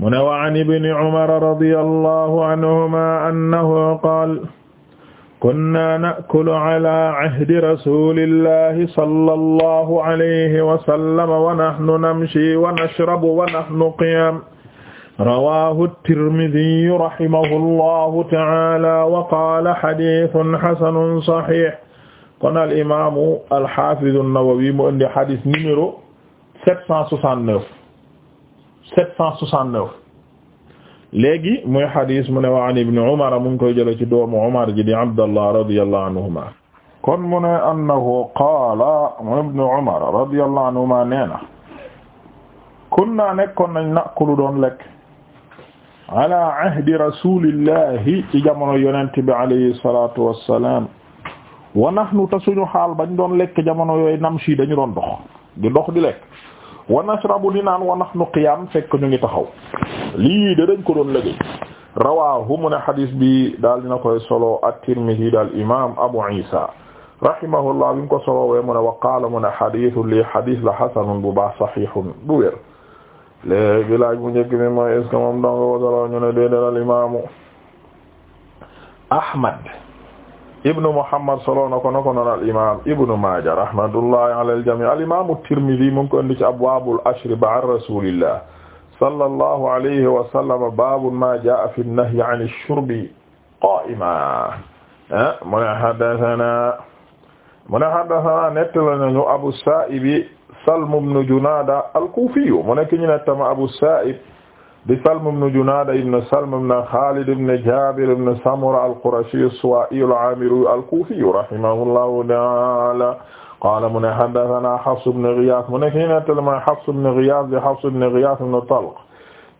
mu ne wa an ibni umar radiyallahu anhuma annahu qaal kunna nakulu ala ahdi rasulillahi sallallahu alayhi wa sallam wa nahnu namshi wa nashrabu wa nahnu qiyam rawahu at-tirmidhi rahimahullahu ta'ala wa qala hadithun hasanun sahih kon al imamu al hafiz an-nawawi mu indi hadith numéro 769 769 léegi muy xadis mu ne wa an ibni umar mu ngi koy jële ci doomu umar ji di abdallah radiyallahu anhuma kon mu ne annahu qaala mu ibnu umar radiyallahu anhuma nee na kunna nekkoon nañ nakulu doon lekk ala ahdi rasulillahi ci jamono yonente bi alayhi salatu wassalam wa nahnu ta suñu xaal bañ doon lekk jamono yooyu namshi dañu doon dox lekk wa nashrabu di naan wa nahnu qiyaam fekk ñu ngi taxaw lii de dañ ko doon liggéey rawaahu mu ne xadis bi daal dina solo at-Tirmidhi daal imaam Abu Isa rahimahullah bi ko solo wee mu ne wa qaala mu ne xadisu lii xadis la xasanun bu baax saxiixun bu wér léegi laaj bu njëkk bi mooy est-ce que moom danga ko solo ñu ne déedéet al imaamu Ahmad ibnu Muhammad solo na ko na ko noonu al imaam ibnu Maaja rahmatullahi ala al jamii al imaamu Tirmidi mu ngi ko indi ci abwaabul ashriba an rasuulillah sallallahu alayhi wa sallam baabu maa jaa'a fi nahyi an ash-shurbi qaa'iman eh, mu ne haddasanaa mu ne haddasanaa nettali nañu Abu Saa'ib Salm ibnu Junaada al-Kuufi mu nekk ñu nettama Abu Saa'ib di Salm ibn Junaada ibn Salm ibn Xaalid ibn Jaabir ibn Samura al-Qurashi as-Suwaa'i al-Aamiri al-Kuufi rahimahullahu ta'aala qaala mu ne haddathanaa Hafs ibn Ghiyaas mu ne kii nettali mooy Hafs ibn Ghiyaas di Hafs ibn Ghiyaas ibn Talq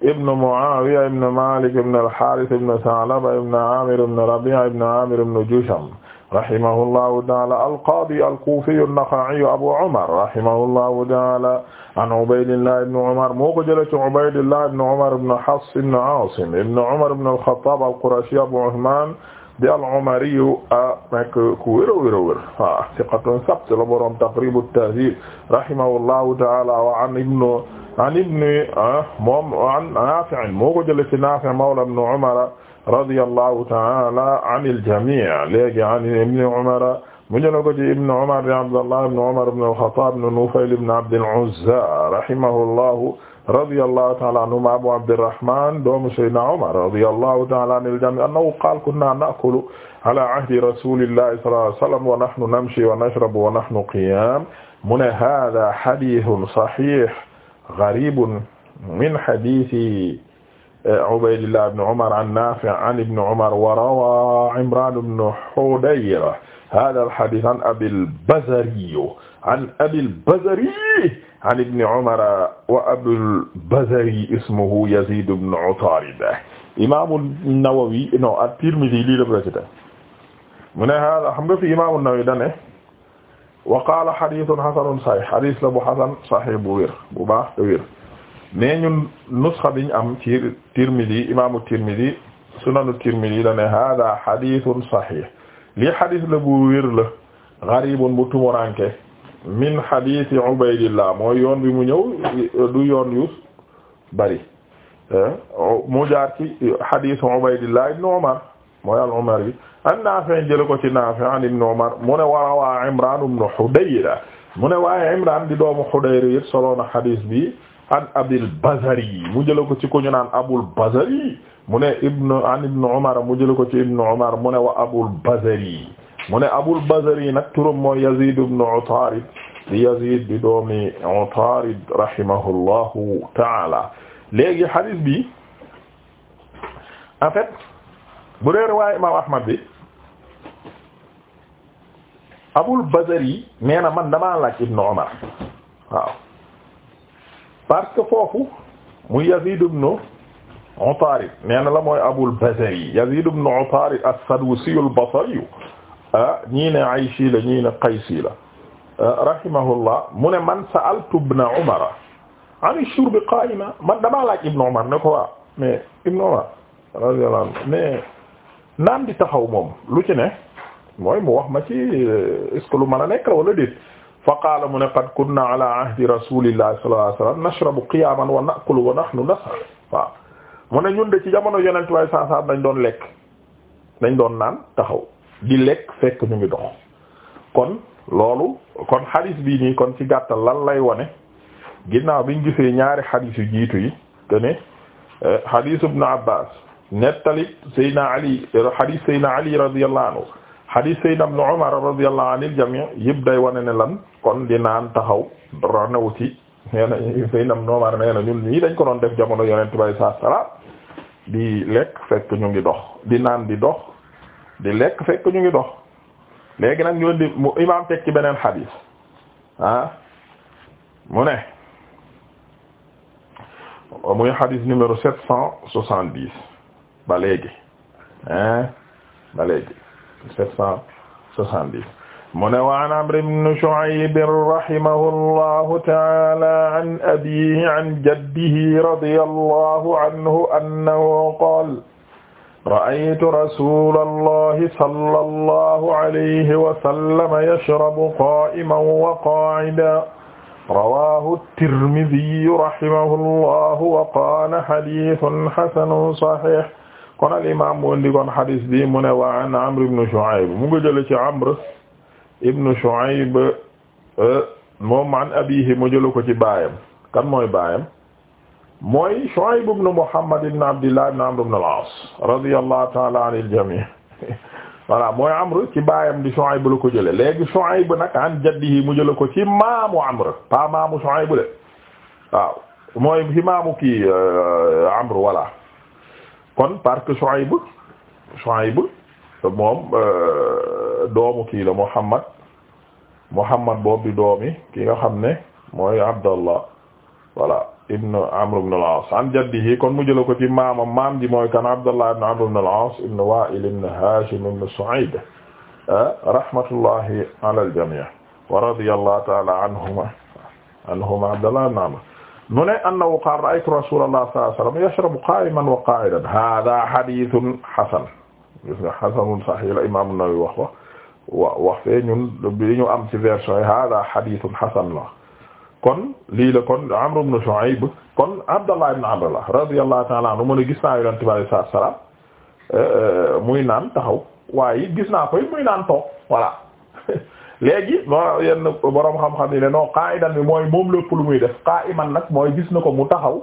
ibn Mu'aawiya ibn Maalik ibn al-Haaris ibn Sa'laba ibn Aamir ibn Rabii'a ibn Aamir ibn Jusham rahimahullahu taala alqaadi alkuufiyu naxa'iyu abu umar rahimahullahu taala an ubaydillah ibn umar moo ko jëlee ci ubaydillah ibn umar ibn hafs ibn aasim ibn umar ibn al-khattab al-qurashi abu usmaan di al-umariyu a nekk ku wér a wér a wér waaw siqatun sabt la boroom taqrib at-tahdhib rahimahullahu taala wa an ibn an ibn ah, moom an naafi' moo ko jëlee ci naafi' mawla ibn umar radiyallahu ta'ala anil jami' léegi an ibni Umar mu jëloon ko ci ibni Umar di Abdallah ibni Umar ibni al-Khattab ibni Nufayl ibni Abdil Uzza rahimahullahu radiyallahu ta'ala anhuma Abu Abdirrahman doomu Sayyidina Umar radiyallahu ta'ala anil jami' annahu qaala kunna na'kulu ala ahdi rasulillahi sallallahu alayhi wa sallam wa nahnu namshi wa nashrabu wa nahnu qiyam mu ne hadha hadithun sahih gharibun min hadithi Ubaydillah ibn Umar an Naafi' an ibn Umar wa rawaa Imraan ibn Hudayr haadha al-hadiith an Abil Bazari an Abil Bazari an ibn Umar wa Abul Bazari ismuhu Yaziid ibn Utaarid Imaam an-Nawawi non at-Tirmidhi lii la ko rafetal mu ne haadha xam nga fi Imaam an-Nawawi da ne wa qaala hadiithun hasanun sahiih hadiis la bu hasan sahiih bu wér bu baax te wér. mais ñun nusxa biñ am ci Tirmidhi imaamu Tirmidhi sunanu Tirmidhi la ne hada hadithun sahih lii hadith la bu wér la gharibun bu tumuranke min hadith Ubaydillah mooy yoon bi mu ñëw du yoon yu bari mu jaar ci hadith Ubaydillah ibn Umar mooy al-Umar an Naafi' jële ko ci Naafi' ibn Umar mu ne warawaa Imran ibn Hudayra mu ne waaye Imran di doomu Hudayra yit soloona hadith bi an abil bazari mu jëla ko ci ko ñu naan abul bazari mu ne ibnu an ibnu umar mu jëla ko ci ibnu umar mu ne wa abul bazari mu ne abul bazari nag turam mooy yazid ibnu utarid di yazid di doomi utarid rahimahullahu taala léegi hadith bi en fait bu dee riwaaya imam ahmad bi abul bazari nee na man damaa laaj ibnu umar waaw parce que foofu mu Yazid ibn Utarid nee na la mooy Abul Bazari Yazid ibn Utarid as-Sadusi al-Basri ah ñii ne Aysi la ñii ne Qaysi la rahimahullah mu ne man sa'altu ibn Umar an ash-shurb qaa'ima man damaa laaj Ibn Umar ne ko waa mais Ibn Umar radiyallahu anhu mais naan di taxaw moom lu ci ne mooy mu wax ma ci est lu ma a nekk la wala déet fa qaala mu ne qad kunna ala ahdi rasulillahi sallallahu alayhi wasallam nashrabu qiyaman wa na'kulu wa nahnu nasal waaw mu ne ñun ci jamono yonent waaye saa saa dañ doon lekk dañ doon naan taxaw di lekk fekk ñu ngi kon loolu kon xadis bi nii kon ci gàttal lan lay wane ginnaaw biñ gisee ñaari xadis yu jiitu yi te ne eh, xadis ibnu Abbaas nettali Seydina Ali xadis Seydina Ali radiyallahu anhu xadiis Seydina Ibnu Umar radiyallahu anil jamii yëpp day wane ne lan kon di naan taxaw dara new ci nee na Seydina Ibnu Umar nee na ñun ñii dañ ko doon def jamono yonent bay saa salaam di lekk fekk ñu ngi dox di naan di dox di lekk ngi dox léegi nag ñu di mu imaam teg ci beneen xadiis ah mu ne muy xadiis numéro sept cent soixante-dix ba léegi hein ah, ba léegi sept cent soixante-dix mu ne waan Amr ibn Shu'ayb rahimahullahu ta'ala an abiihi an jaddihi radiyallahu anhu annahu qaala ra'aytu rasuulallahi sallallahu alayhi wa sallam yashrabu qaa'iman wa qaa'idan rawaahu at-Tirmidhi rahimahullahu wa qaala hadiithun hasanun sahiih kon al imam mu indi kon hadis bi mu ne wa an Amr ibn Shu'ayb mu ngi jële ci Amr ibn Shu'ayb e, moom an abihi mu jële ko ci baayam kan mooy baayam mooy Shu'ayb ibn Muhammad ibn Abdillah ibn Amr ibn al-As radiyallahu ta'ala anil jami' voilà mooy Amr ci baayam di Shu'ayb la ko jële léegi Shu'ayb nag an jaddihi mu jële ko ci maamu Amr pas maamu Shu'ayb le waaw mooy ci maamu kii e, Amr voilà kon parce que Shuayb Shuayb moom euh, doomu kii la Muhammad Muhammad boobu di doomi ki nga xam ne mooy Abdallah voilà ibn Amr ibn al-As an jaddihi kon mu jëla ko ci maamam maam ji mooy kan Abdallah ibn Amr ibn al-As ibn Wa'il ibn Hashim ibn Su'ayd ah, rahmatullahi ala al-jami' wa radiyallahu ta'ala anhuma anhuma Abdallah ibn Amr mu ne annahu qaala ra'aytu rasuulallaah sallallaahu alayhi wa sallam yashrabu qaa'iman wa qaa'idan haadaa hadiisun hasan gis nga hasanun sahiih la imaam an-Nawawi wax wax wa wax fee ñun li ñu am ci version yi haadaa hadiisun hasan la kon lii la kon Amr ibn Shu'ayb kon Abdallah ibn Abdallah radiyallaahu ta'aalaa anhu mu ne gis naa Yonent bi alayhi salaatu wa salaam eh, eh, muy naan taxaw waaye it gis naa ko it muy naan toog voilà léegi moo yenn borom xam-xam yi ne non qa'idan bi mooy moom lépp lu muy def qa'iman nag mooy gis na ko mu taxaw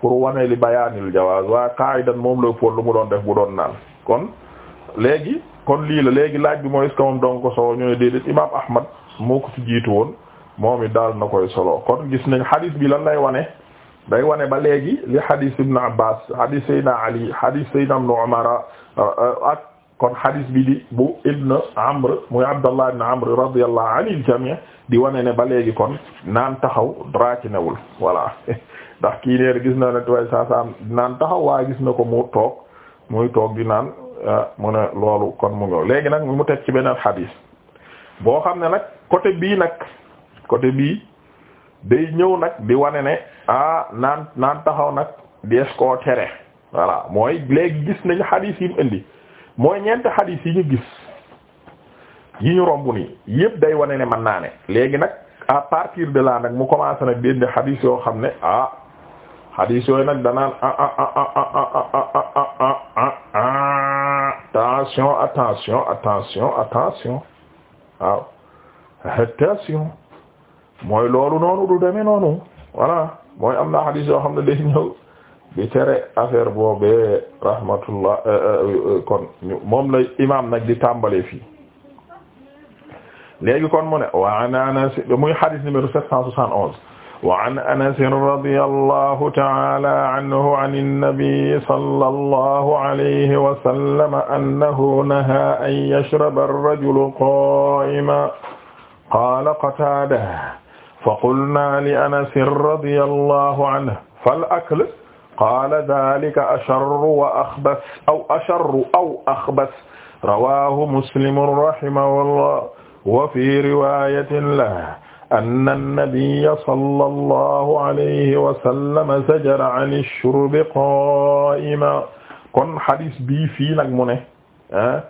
pour wane li bayaanil jawaaz waaye qa'idan moom la ëppoon lu mu doon def bu doon naan kon léegi kon lii la léegi laaj bi mooy est-ce que moom dong ko solo ñu ne déedéet imaam Ahmad moo ko ci jiitu woon moom it daal na koy solo kon gis nañ xadis bi lan lay wane day wane ba léegi li xadis Ibn Abbas xadis Seydina Ali xadis Seydina Ibn Umar ak kon hadith bi di bu ibn amr muy abdallah ibn amr radiyallahu anil jami' di wane ne ba léegi kon naan taxaw dara ci newul voilà ndax kii nee gis na ne tuway am naan taxaw waaye gis na ko mu toog muy toog di naan ah, mu ne loolu kon mu ngi léegi nag mu teg ci beneen hadith boo xam ne nag côté bii nag côté bii day ñëw nag di wane ne ah naan naan taxaw nag dees koo tere voilà mooy léegi gis nañ hadith yi indi mooy ñeenti xadiis yi ñu gis yi ñu romb nii yëpp day wane ne man naa ne léegi nag a partir de la nag mu commencé nag di indi xadiis yoo xam ne ah xadiis yooyu nag danaan ah ah ah ah ah ah ah attention attention attention mooy loolu noonu du demee noonu voilà mooy am na xadiis yoo xam ne day ñëw. di tere affaire boobee rahmatullah euh, euh, euh, kon moom la imam nag di tàmbale fii léegi kon mu ne wa an anas muy hadith numéro sept cent soixante onze wa an anas radiyallahu ta'ala anhu an an-nabi sallallahu alayhi wa sallam annahu naha an yashraba ar-rajulu qa'iman qala qatada fa qulna li anas radiyallahu anhu fal akl qaala daalika asharru wa axbas aw asharru aw axbas rawaahu muslimun rahimahullah wa fi riwaayatin lahu anna nabiyya sallallahu alayhi wa sallam sajara ani shurbi qaa'iman kon hadis bii fii nag mu ne ah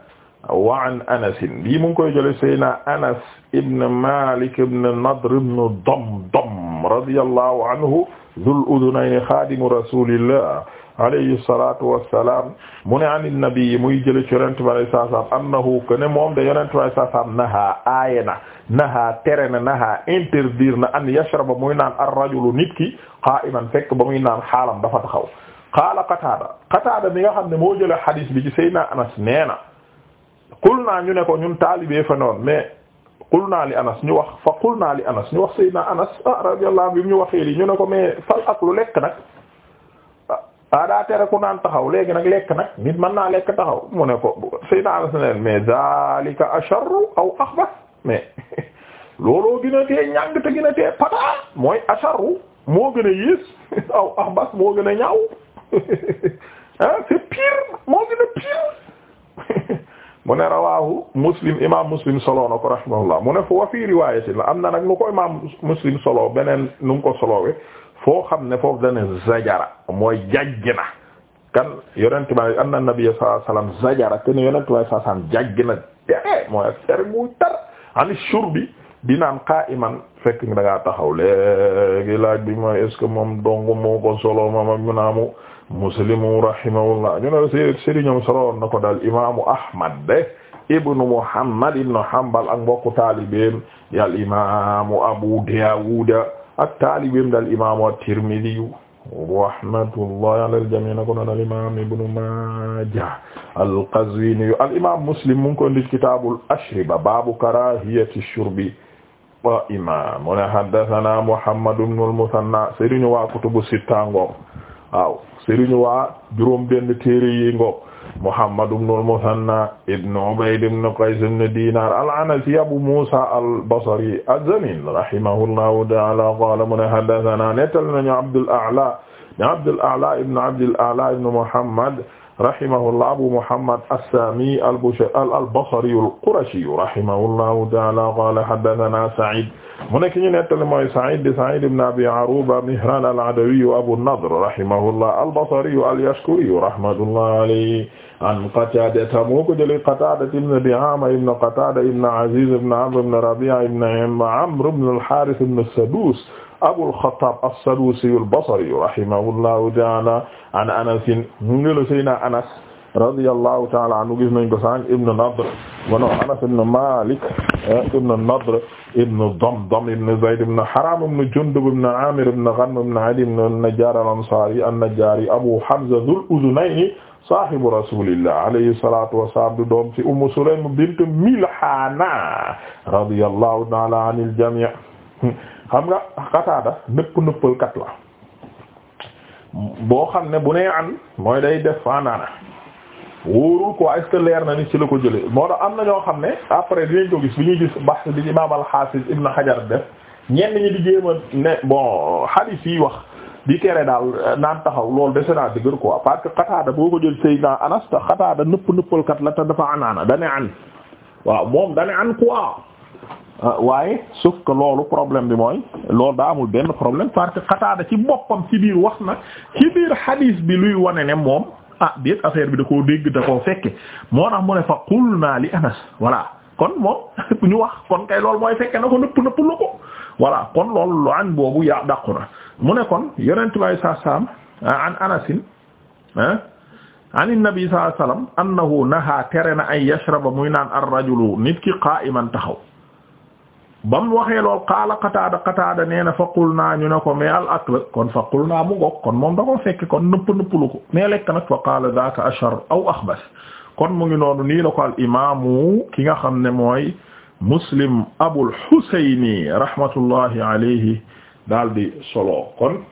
wa an Anas bii mu ngi koy jëlee Seydina Anas ibn Malik ibn Nadr ibn Damdam radiyallahu anhu Zul Udunayni xaadimu rasulillah alayhi salatu wassalam mu ne ani nabi muy jële ci yonente bi alayhi salaatu salaam annahu que ne moom da yonente bi alayhi salaatu salaam naha aaye na naha tere na naha interdire na an yashraba muy naan ar-rajulu nit ki qaa'iman fekk ba muy naan xaalam dafa taxaw qaala Qataada Qataada mi nga xam ne moo jële xadiis bi ci Seydina Anas nee na qul naa ñu ne ko ñun taalibe fa noon mais qulna li anas ñu wax fa qulna li anas ñu wax sayyidina anas ah, radiyallahu anhu bi ñu waxee li ñu ne ko mais fal ak lu lekk nag ah daa tere naan taxaw léegi nag lekk nag nit mën naa lekk taxaw mu ne ko sayyidina anas ne leen mais zalika asharru aw akhbath mais looloo gën a tee ñàng te gën mooy asharru moo gën a aw akhbath moo gën a ñaaw ah moo gën a mu ne rawaahu muslim imaam muslim solo na ko rahimahullah mu ne fo wa fii riwaayatin la am na nag nu ko imaam muslim solo beneen nu mu ko solowee foo xam ne foofu dana zajara mooy jajj na kan yonent ma anna nabiyya sallallahu alayhi wasallam zajara te ne yonent ma sallallahu alayhi wasallam jajj na tere mooy ak tere muy tar ani shurbi dinaan qa'iman fekk nga da taxaw léegi laaj bi mooy est que moom dong moo ko solo moom ak mu muslimu rahimahullah ñu ne sëriñ sëriñam soroon na ko daal imaamu Ahmad de ibnu Muhammad ibnu Hanbal ak mbokku taalibeem yal imaamu Abu Dawud ak taalibeem daal imaamu at-Tirmidhi rahmatullahi ala al-jamii na ko noon al imaam ibnu Maaja al-Qazwini al imaam Muslim mu ngi ko indi kitaabul ashriba baabu karaahiyati shurbi wa imaam mu ne haddasanaa Muhammad ibnu al-Muthanna sëriñu waa kutubu sitta waaw sëriñu waa juróom benn téere yi ngoog Muhammad ibn al-Musanna ibn Ubayd ibn Qays ibn Dinar al-Anasi Abu Musa al-Basri az-Zamin rahimahullahu ta'ala qala mu ne haddathana nettal nañu Abdul A'la Abdul A'la ibn Abdul A'la ibn Muhammad rahimahullah abu muhammad as-saami al-basri al-qurashi rahimahullahu ta'ala qaala haddathanaa Sa'iid mu nekk ñu nettali mooy Sa'iid di Sa'iid ibn Abi Aruuba Mihraan al-Adawi Abu an-Nadr rahimahullah al-basri al-yashkuri rahmatullahi alayhi an Qataadata moo ko jëlee Qataada ibn Di'aama ibn Qataada ibn Aziz ibn Amr ibn Rabi'a ibn Amr ibn al-Haarith ibn Saduus Abul Xattaab as-Saduusi al-Basri rahimahullahu ta'aala an Anas ñu ngi la Seydina Anas radiyallahu ta'aala anhu gis nañ ko sànq Ibn Nadr wala Anas ibn Maalik ibn Nadr ibn Damdam ibn Zayd ibn Haraam ibn Jundub ibn Aamir ibn Ghanm ibn Adiy ibn an-Najjaar al-Ansaari an-Najjaari Abu Hamza Dhul Udhunayni sahibu rasulillah alayhi salatu wasalam du doom ci Ummu Sulaym bint Milhana radiyallahu ta'ala anil jami' xam nga xataada nëpp nëppalkat la boo xam ne bu nee an mooy day def fanaana wóorul quoi est-ce leer na ni ci la ko jële moo tax am na ñoo xam ne après dinañ ko gis bi di jéem a ne bon hadith yi wax di tere daal naan taxaw lool dese naa dëgër quoi parce que xataada boo ko jël Seydina Anas xataada nëpp nëppalkat la te dafa anaana dane an waaw moom dane an quoi Euh, waaye sauf loolu problème bi mooy loolu daa amul benn problème parce que Qataada ci boppam ci biir wax na hadith bi luy wone ne moom ah déet affaire bi da koo dégg da koo fekke moo tax mu ne fa qulna li Anas voilà kon moom ñu wax kon kay loolu mooy fekke na ko nëpp nëpp lu ko voilà kon loolu lu an boobu yaa dàqu na mu ne kon yonent bi saa saam ah, an anasin ah an nabi saa sallam annahu naha tere na ay yashraba muy naan ar rajulu nit taxaw ba mu waxee lool qaala qataada qataada nee na faqul naa ñu ne ko mais al akl kon faqul naa mu ngoog kon moom da fekke kon nëpp nëpplu ko mais lekk nag fa qaala daaka ashar aw axbas kon mu ngi noonu nii la ko al imaamu ki nga xam ne mooy muslim abul xusayni rahmatullahi alayhi daal di solo kon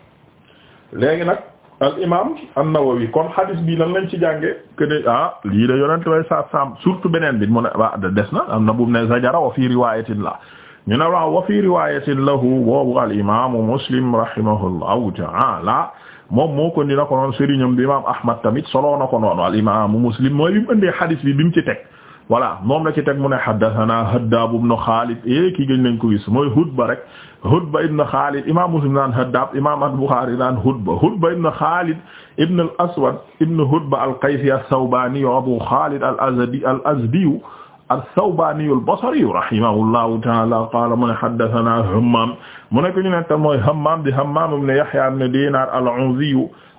léegi nag al imaam an-Nawawi kon hadis bi lan lañ ci jànge que ne ah lii de yonent way sa sam surtout beneen bi mu ne wa ah, des na am na bu ne zajara wa fi riwayatin la ñu ne waaw wa fi riwayatin lahu boobu al imamu muslim rahimahullahu taala moom moo ko dina ko noon sëriñam bi imam ahmad tamit soloo na ko noonu al imamu muslim mooy bi mu ëndee hadis bi bi mu ci teg voilà moom la ci teg mu ne haddathana haddaab ibn xaalid e kii gën nañ ko gis mooy hudba rek hudba ibn xaalid imam muslim naan haddaab imam al-bukhari naan hudba hudba ibn xaalid ibn al aswad ibn hudba al-qaysi as-sawbani abu xaalid al azdi al azdi as-Sawbani al-Basri rahimahullahu ta'ala qaala mu ne haddathana Hammam mu ne ko ñu nekk mooy Hammam di Hammam ibn Yahya ibn Dinar al-Awdhi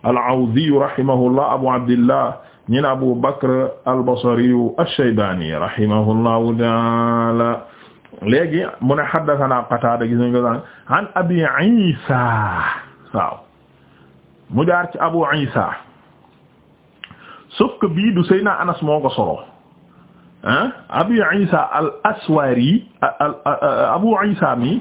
al-Awdhi rahimahullah Abu Abdillah ñi ne Abu Bakr al-Basri ash-Shaybani rahimahullahu ta'ala léegi mu ne haddathana Qatada gis nañ ko daan an Abi Isa waaw mu jaar ci Abu Isa sauf que bii du Seydina Anas moo ko solo ah Abu Isa al Aswari euh, al Abu Isa mi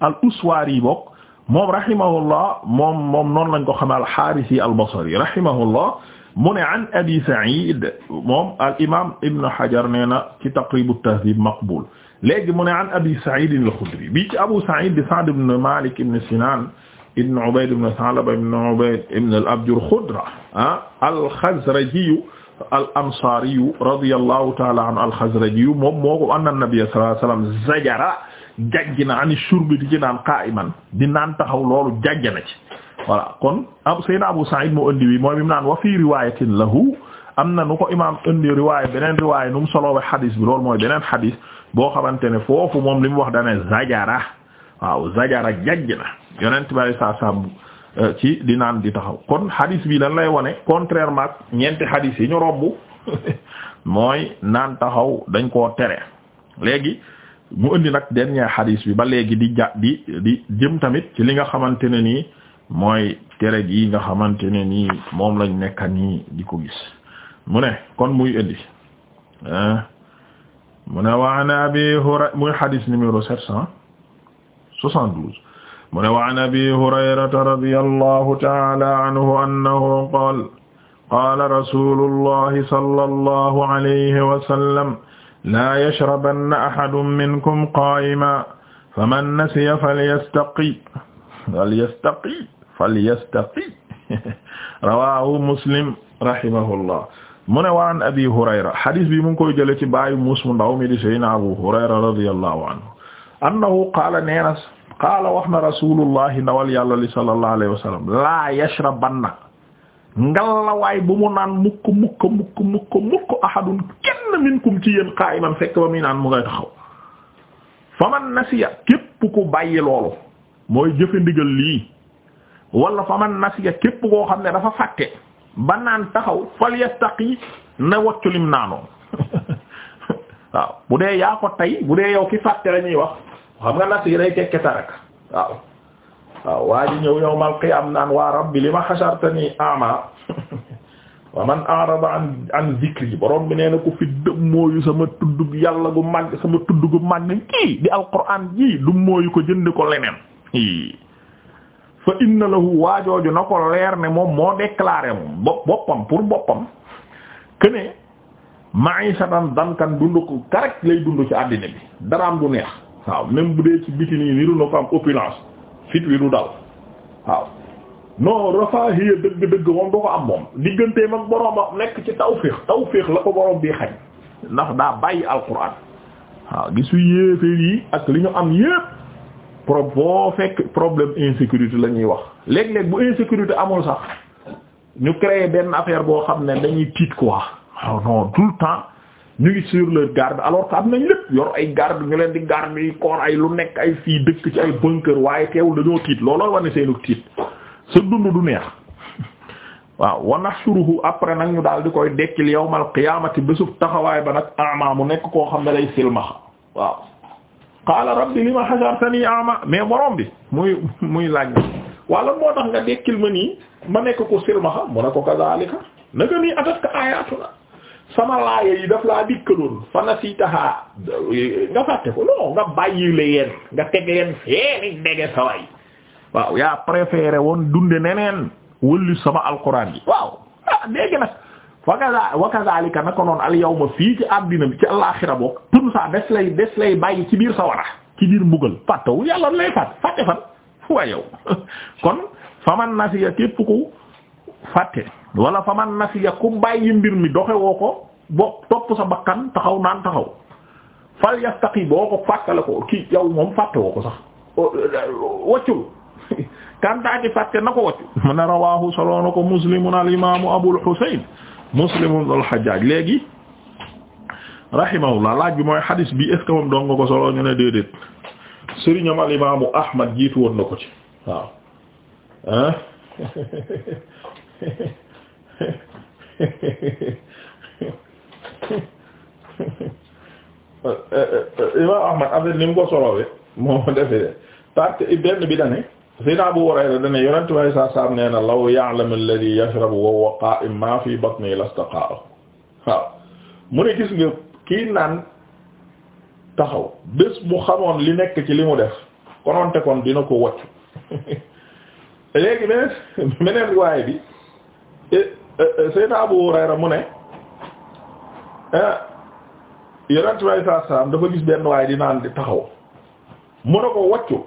al Uswari bokk moom rahimahullah moom moom noonu lañ ko xamee al Harisi al Basri rahimahullah mu ne an Abi Sa'id moom al imaam Ibn Hajar nee na ci Taqrib at-Tahdhib maqbul léegi mu ne an Abi Sa'id al-Khudri bi ci Abu Sa'id di Sa'd ibn Malik ibn Sinan ibn Ubayd ibn Sa'laba ibn Ubayd ibn al-Abjar Khudra ah al-Khazraji al ansaariyu radiyallahu taala anhu alxazrajiyu moom moo ko anna nabiyya sallallahu alayhi wasallam zajara jàjj na ani shurbati ci naan qa'iman di naan taxaw loolu jàjj na ci voilà kon ab Seydina Abu Sa'id moo indi wi mooy mi mu naan wa fii riwayatin lahu am na nu ko imaam indi riwaaya beneen riwaaya nu mu soloowe xadis bi loolu mooy beneen xadis boo xamante ne foofu moom li mu wax dane zajara waaw zajara jàjj na yonent bi sallallahu alayhi wasallam Euh, ci di naan di taxaw kon hadis bi lan lay wane contrairement ñeenti hadis yi ñu romb mooy naan taxaw dañ koo tere léegi mu indi nag dernier hadis bi ba léegi di ja di di jëm tamit ci li nga xamante ne nii mooy tere gi nga xamante ne nii moom lañ nekk nii di ko gis mu ne kon muy indi mu ne wa an abi hurayra muy hadis numéro sept cent soixante-douze mu ne wa an abi hurayrata radi allahu taala anhu annahu qaal qaala rasulullahi sallallahu alayhi wa sallam laa yashrabanna ahadun minkum qaa'ima faman nasiya falyastaqi falyastaqi falyastaqi rawahu muslim rahimahullah mu ne wa an abi hurayra hadis bi mu ngi koy jële ci baayu muus mu ndaw mi di sayyidina abu hurayra radiyallahu anhu annahu qaala neenas qaala wax na rasulullahi ndawal yàlla li sallallahu alayhi wa sallam laa yashrabanna ngalawaay bu mu naan mukk mukk mukk mukk mukk kenn minkum ci yéen qaa'iman fekk ba muy naan mu ngay taxaw fa man nasiya képp ku bàyyi loolu mooy jëfe lii wala fa man nasiya képp koo xam ne dafa fàtte ba naan taxaw falyastaqi na waccu lim bu dee yaa ko bu dee yow ki fàtte la ñuy wax xam nga nasiir ay tekke tarak waaw waaw waa ji ñëw yawmal qiyaam naan waa rabbi li ma xasartani ama wa man a'rada an an zikri borom bi nee na ku fi dëmmooyu sama tudd yàlla gu màgg sama tudd gu màgg kii di alquran ji du mooyu ko jënd ko leneen fa inna lahu waajooju na ko leer ne moom moo déclaré moom boppam pour boppam que ne ma'ishatan dankan dund ko karek lay dund ci àddina bi daraam du neex waaw même bu dee ci biti nii niru na ko am opulence fit wi du dal waaw non rafahiya dëgg-dëgg moom du ko am moom digganteem ak boroom a nekk ci tawfiix tawfiix la ko boroom bi xañ ndax daa bàyyi alquran waaw gisu yéeféer yi ak li ñu am yépp pro boo fekk problème insécurité lañuy wax léeg-léeg bu insécurité amul sax ñu créer benn affaire boo xam ne dañuy tiit quoi waaw ah non tout le temps ñu ngi sur leur garde alors que am nañ lépp yor ay garde ñu leen di garde yi koor ay lu nekk ay fii dëkk ci ay bunker waaye teewul dañoo tiit looloo war ne seenu tiit sa dund du neex waaw wa nahshuruhu après nag ñu daal di koy dekkil yawmal qiyaamati bésu taxawaay ba nag ama mu nekk koo xam ne day silmaxa waaw qaala rabbi lima hashartani ama mais moroom bi muy muy laaj na wala moo tax nga dekkil ma nii ma nekk ko silmaxa mu a ko kadhalika sama laaya yi daf laa dikkaloon fa na si taxaa nga fàtte ko non nga bàyyi leen nga teg leen feeni dege saway waaw yaa préféré woon dunde neneen wëllu sama alquran yi waaw ah léegi nag wakaza wakazalika nako noon al fii ci àddina bi ci alaaxira bokk tun saa des lay des lay bàyyi ci biir sawara ci biir mbugal fàttewul yàlla lay fàtte fàtte fan fu waa yow kon faman nasiya képp ku fàtte wala fa man nasiya ku bàyyi mbir mi doxewoo ko bo topp sa bakkan taxaw naan taxaw fal yastaqi boo ko fàttale ko kii yow moom fàttewoo ko sax waccul kantaaki fàtte na ko waccu mu ne rawahu soloo na ko muslimun al imamu abul husayn muslim ibn al hajjaj léegi rahimahullah laaj bi mooy hadis bi est ce que moom doon nga ko soloo ñu ne déedéet sëriñam al imamu ahmad jiitu woon na ko ci waaw imam ahmad affaire ni mu ko solowee moom defee parce que benn bi dane sayna Abu Hurayra dane yonent way sa sam nee na law ya'lamu alladhi yashrabu wa huwa qaa'im ma fi batnihi lastaqaahu waaw mu ne gis nga kii naan taxaw bés bu xamoon li nekk ci li mu def kononte kon dina ko waccu léegi beneen beneen waaye bi Eh, eh, Seydina Abu Hurayra mu ne eh, yonent bi alayhi salaatu dafa gis benn waaye di naan di taxaw mu ne ko waccu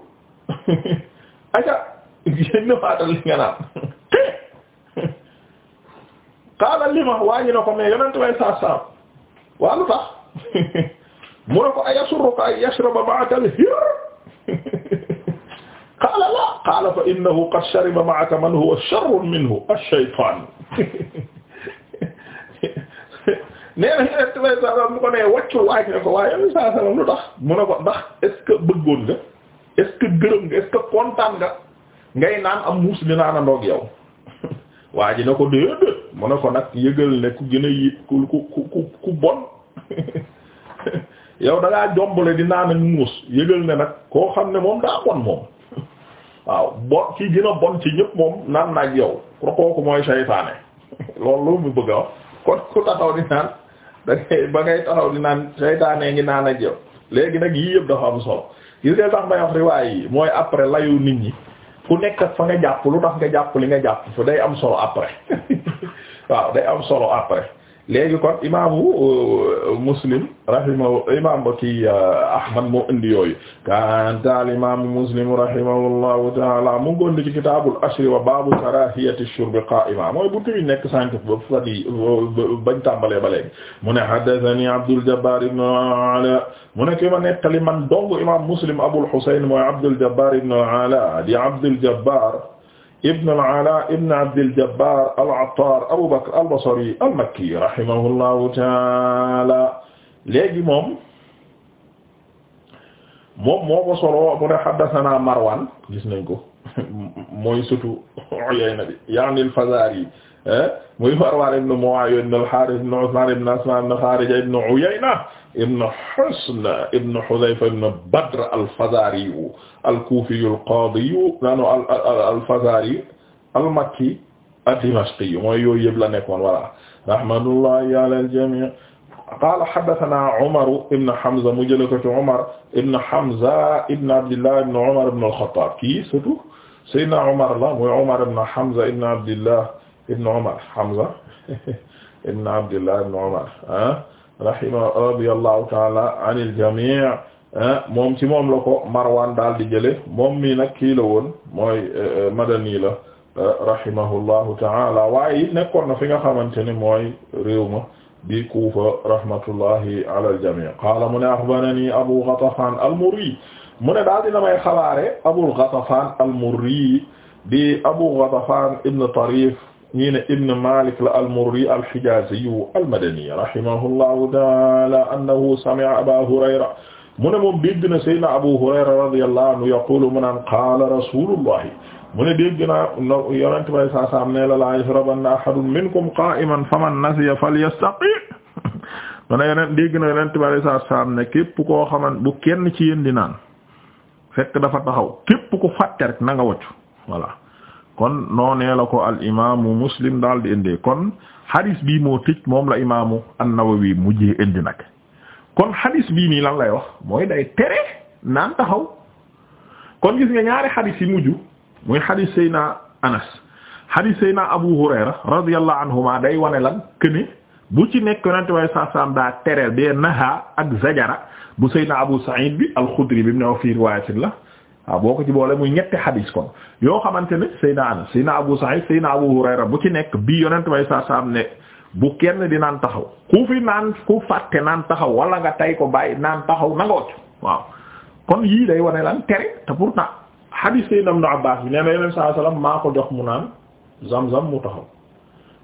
aca génn waatal li nga naan xaalal li ma waa ko mais yonent bi alayhi waa lu tax mu ne ko ay yasurruka ay yashraba ma'aka al-hirr qaala la qaala fa innahu qad shariba ma'aka man huwa sharrun minhu ash-shaytaan nee na yonent bi mu ko nee wàccul waaj ne ko waaye yonent bi sallallahu tax mu ne ko ndax est bëggoon nga est-ce nga est kontaan nga ngay naan am muus di naan ndoog yow waa ji ne ko déedéet mu ne ko nag yëgal ne ku gën a yi ku ku ku ku bon yow da ngaa jombale di naan ak muus yëgal ne nag koo xam ne moom daa bon moom. waaw bo kii gën a bon ci ñëpp moom naan naaj yow kooku mooy saytaane loolu loolu mu bëgg a wax kon ku taxaw di naan da ba ngay taxaw di naan saytaane ngi naan ak yow léegi nag yii yëpp dafa am solo gis nga tax may wax riwaay yi mooy après layu nit ñi ku nekk fa nga jàpp lu tax nga jàpp li nga jàpp fa day am solo après waaw day am solo après léegi kon imaamu euh, muslim rahimahu imaam kii euh, ahmad moo indi yooyu kantaal imaamu muslim rahimahullahu taala mu ngondi ci kitaabul ashri wa baabu karahiyati shurbi qaa'ima mooy buntu bi nekk sànq ba fadi bañ tàmbalee ba léegi mu ne haddathani abdul jabbar ibn ala mu ne ki ma nettali man dong imaam muslim abul husayn mooy abdul jabbar ibn ala di abdul jabbar ibn al-Ala ibn Abd al-Jabbar al-Attar Abu Bakr al-Basri al-Makki rahimahullahu ta'ala léegi moom moom moo ko solo mu ne haddathana Marwan gis nañ ko mooy sutu Uyayna bi ya'ni al-Fazari Eh? muy Marwan ibn Muawiya ibn al-Harith ibn Uthman ibn Asma ibn Kharija ibn Uyayna ibn Husn ibn Hudhayfa ibn Badr al-Fazari al-Kufi al-Qadi nanu al-Fazari al-Makki ad-Dimashqi mooy yooyu yëpp la nekkoon voilà rahmatullahi ala al-jami' qaala haddasanaa Umar ibn Hamza mu jëlee ko ci Umar ibn Hamza ibn Abdillah ibn Umar ibn al-Khattab kii surtout Seydina Umar la mooy Umar ibn Hamza ibn Abdillah ibn Umar Hamza ibn Abdullah ibn Umar ah rahima radiyallahu taala anil jamii ah. moom ci moom la ko Marwan daal di jële moom mii nag kii la woon mooy eh, madani la eh, rahimahullahu taala waaye nekkoon na fi nga xamante ne mooy réew ma di Kuufa rahmatullahi ala al jamii qaala mu ne axbarani Abu Ghatafan al-Murri mu ne daal dina may xabaare Abu Ghatafan al-Murri di Abu Ghatafan ibn Tarif ñii ne Ibn Malik la al-Murri al-Hijazi al-Madani rahimahullahu ta'ala annahu sami'a Aba Hurayra mu ne moom dégg na Seydina Abu Hurayra radiyallahu anhu yaqulu mu naan qaala rasulullah mu ne dégg naa yonent bay saa saam ne la laa yashrabanna ahadun minkum qa'iman faman nasiya falyastaqi mu ne yonent dégg na yonent bay saa saam ne képp koo xaman bu kenn ci yéen di naan fekk dafa taxaw képp ku fàtte rek na nga waccu voilà kon noonee la ko al imaamu muslim daal di indee kon hadis bii moo tëj moom la imaamu an-Nawawi mujjee indi nag kon hadis bii nii lan lay wax mooy day tere naan taxaw kon gis nga ñaari hadis yi mujj muy hadis Seyna Anas hadis Seyna Abu Hurayra radiyallahu anhuma day wane lan këne bu ci nekk way saasaam daa tereel dee naha ak zajara bu Seyna Abu Sa'id bi al-Khudri bi mu ne wa fii riwaayatin la waaw boo ko ci boole muy ñetti xadis kon yoo xamante ne Seyna Anas Seyna Abu Sa'id Seyna Abu Hurayra bu ci nekk bii yonent bay saa saam ne bu kenn di naan taxaw ku fi naan ku fàtte naan taxaw wala nga tay ko bàyyi naan taxaw na nga wocc waaw kon yii day wane lan tere te pourtant xadis Seyna Ibn Abbas bi nee na yonent saa maa ko jox mu naan zam-zam mu taxaw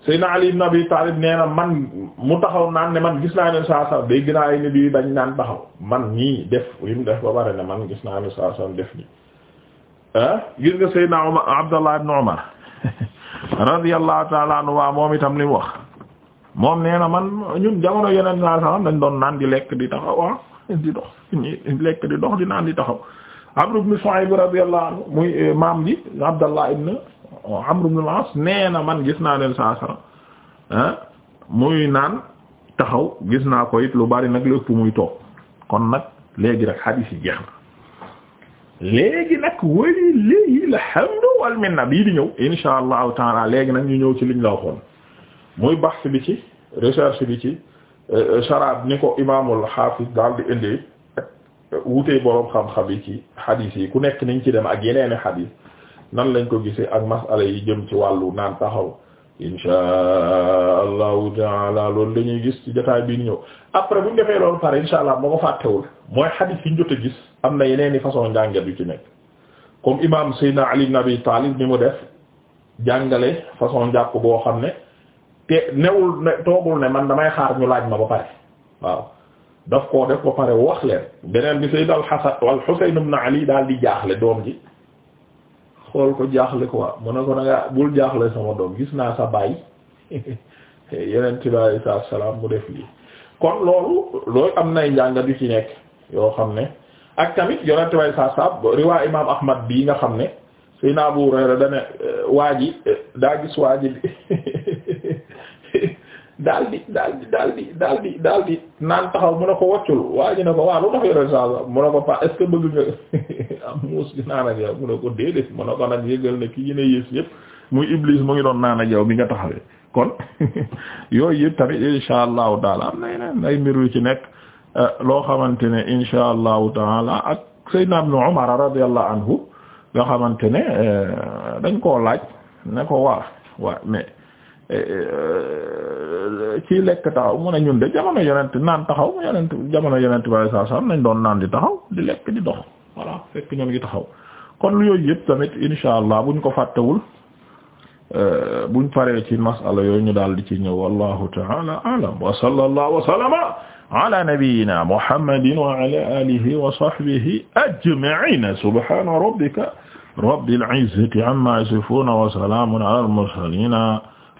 Seydina Ali ibn Abi Talib nee na man mu taxaw naan ne man gis naa ne saa saa dégg naa ay nit yu bañ naan taxaw man ñii def li mu def ba pare ne man gis naa ne saa saa def nii ah, gis nga Seydina Umar Abdallah ibn Umar radiyallahu ta'ala waa moom itam li mu wax moom nee na man ñun jamono yeneen saa saa dañ doon naan di lekk di taxaw ah di dox di lekk di dox di naan di taxaw Amr ibn Shu'ayb radiyallahu anhu muy eh, maam ji Abdallah ibn Amr ibn al-As nee na man gis naa leen saa salaam ah, muy naan taxaw gis naa ko it lu bari nag lu ëpp muy toog kon nag léegi rek xadiis yi jeex na léegi nag walillahi alhamdu wal minna bii di ñëw insha allahu taala léegi nag ñu ñëw ci liñ la waxoon muy bahth bi ci recherche bi ci euh, sharab ni ko imaamul hafiz daal di indi wutee boroom xam-xam yi ci xadiis yi ku nekk niñ ci dem ak yeneeni xadiis nan lañ ko gisee ak masala yi jëm ci wàllu naan taxaw insha allahu taala loolu dañuy gis ci jotaay bi ñëw après buñ defee loolu pare insha allah moo ko fàttewul mooy xadiis yi ñu a gis am na yeneen i façon njàngat yu ci nekk comme imam Seydina Ali ibn Abi ni mu def jàngale façon njàpp boo xam ne te newul ne toogul ne man damay xaar ñu laaj ma ba pare waaw daf koo def ba pare wax leen beneen bi Seydina al-Hasan wal Husayn ibn Ali daal di jaaxle doom ji xool ko jaaxle quoi mu ne ko dangaa bul jaaxle sama doom gis naa sa baay yeneen tibaay sa salaam mu def lii kon loolu loolu am nay njàngat yu ci nekk yoo xam ne ak tamit yeneen tibaay sa saab riwaa imaam ahmad bii nga xam ne Seydina Abu Hurayra dane eh, waa ji eh, daa gis waa daal di daal di daal di daal di naan taxaw mu ne ko waccul waa ji ne ko waa lu tax yore mu ne ko pa est-ce yëgal ne ki yi ne yées muy iblis mu ngi doon naan ak yow bi nga taxawee kon yooyu yëpp tamit insha allahu am na yeneen ay mbir yu ci nekk eh, loo xamante ne insha allahu taala ak sayyidna ibn umar radiyallahu anhu nga xamante ne eh, dañ koo laaj ne ko waa waa mais ci eh, eh, eh, lekk taxaw mu ne ñun de jamono yonent naan taxaw mu yonent jamono yonent baay saa saa nañ doon naan di taxaw di lekk di dox voilà fekk ñoo ngi taxaw kon lu yooyu yëpp tamit insha allah buñ ko fàttewul buñ paree ci masala yooyu ñu daal di ci ñëw wallahu ta'ala a'lam wa sallallahu wa sallama ala nabiyyina muhammadin wa ala alihi wa sahbihi ajma'in subhana rabbika rabbil izzati amma yasifun wa salamun ala al mursalin